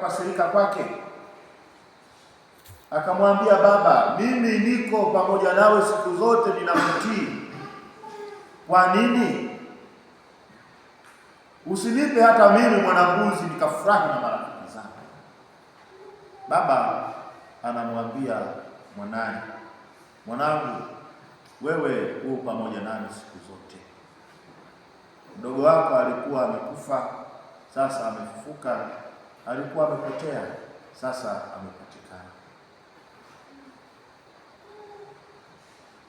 kasirika kwake, akamwambia, baba, mimi niko pamoja nawe siku zote, ninakutii. Kwa nini usinipe hata mimi mwanambuzi nikafurahi na marafiki zangu? Baba anamwambia mwanaye, mwanangu, wewe huu pamoja nami siku zote. Mdogo wako alikuwa amekufa, sasa amefufuka alikuwa amepotea, sasa amepatikana.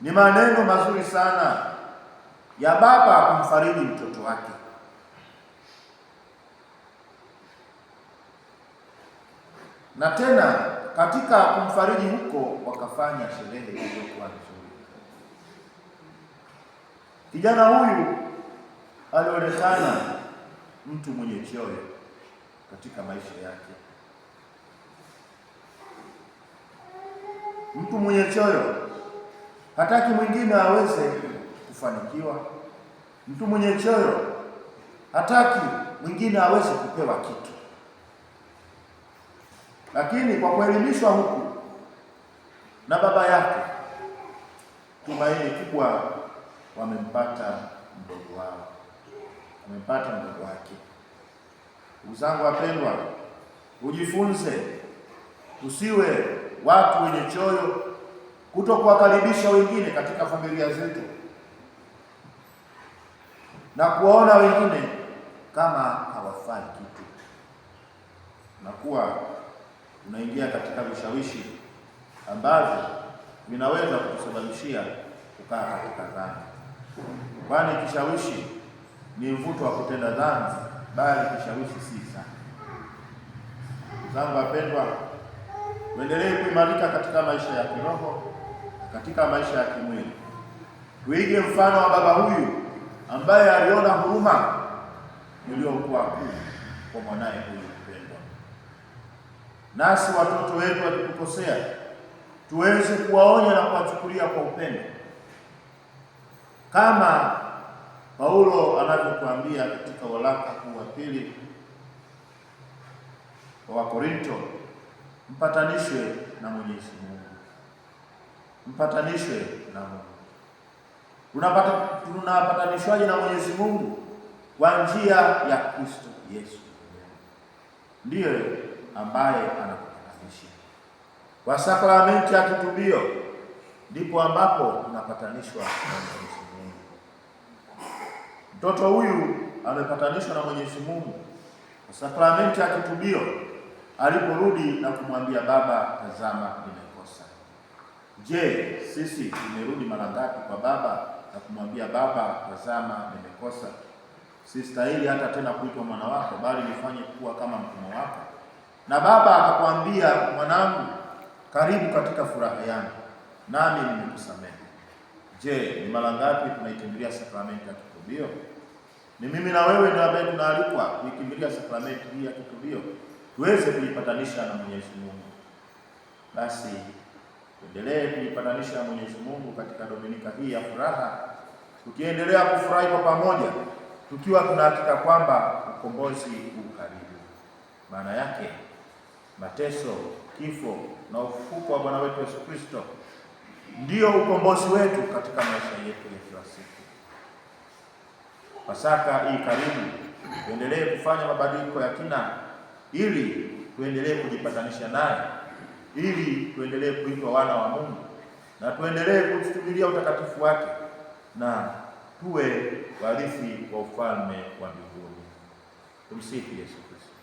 Ni maneno mazuri sana ya baba kumfariji mtoto wake. Na tena katika kumfariji huko wakafanya sherehe iliyokuwa nzuri. Kijana huyu alionekana mtu mwenye choyo katika maisha yake. Mtu mwenye choyo hataki mwingine aweze kufanikiwa. Mtu mwenye choyo hataki mwingine aweze kupewa kitu, lakini kwa kuelimishwa huku na baba yake, tumaini kubwa wamempata mdogo wao, wamempata mdogo wake. Ndugu wapendwa, ujifunze, tusiwe watu wenye choyo kuto kuwakaribisha wengine katika familia zetu na kuwaona wengine kama hawafai kitu, na kuwa unaingia katika vishawishi ambavyo vinaweza kukusababishia kukaa katika dhambi, kwani kishawishi ni mvuto wa kutenda dhambi bali kishawishi si sana. Zangu wapendwa, tuendelee kuimarika katika maisha ya kiroho na katika maisha ya kimwili. Tuige mfano wa baba huyu ambaye aliona huruma iliyokuwa kuu kwa mwanaye huyu mpendwa. Nasi watoto wetu walikukosea, tuweze kuwaonya na kuwachukulia kwa upendo kama Paulo anavyotuambia katika waraka huu wa pili wa wakorinto Mpatanishwe na Mwenyezi Mungu, mpatanishwe na Mungu. Tunapatanishwaje na Mwenyezi Mungu? Kwa njia ya Kristo Yesu, ndiyo ambaye anakupatanisha kwa sakramenti ya kitubio, ndipo ambapo tunapatanishwa na Mwenyezi Mungu. Mtoto huyu amepatanishwa na Mwenyezi Mungu kwa sakramenti ya kitubio aliporudi na kumwambia baba, tazama nimekosa. Je, sisi tumerudi mara ngapi kwa baba na kumwambia baba, tazama nimekosa, si stahili hata tena kuitwa mwana wako, bali nifanye kuwa kama mtumwa wako? Na baba akakwambia, mwanangu, karibu katika furaha yangu, nami nimekusamehe. Je, ni mara ngapi tunaikimbilia sakramenti kitubio? ni mimi na wewe ndio ambaye tunaalikwa kuikimbilia sakramenti hii ya kitubio tuweze kuipatanisha na Mwenyezi Mungu. Basi tuendelee kuipatanisha na Mwenyezi Mungu katika dominika hii ya furaha, tukiendelea kufurahi kwa pamoja, tukiwa tunahakika kwamba ukombozi u karibu. Maana yake mateso, kifo na ufufuko wa Bwana wetu Yesu Kristo ndio ukombozi wetu katika maisha yetu ya kila siku. Pasaka hii karibu, tuendelee kufanya mabadiliko ya kina ili tuendelee kujipatanisha naye, ili tuendelee kuitwa wana wa Mungu na tuendelee kusubiria utakatifu wake na tuwe warithi wa ufalme wa mbinguni. Tumsifu Yesu Kristo.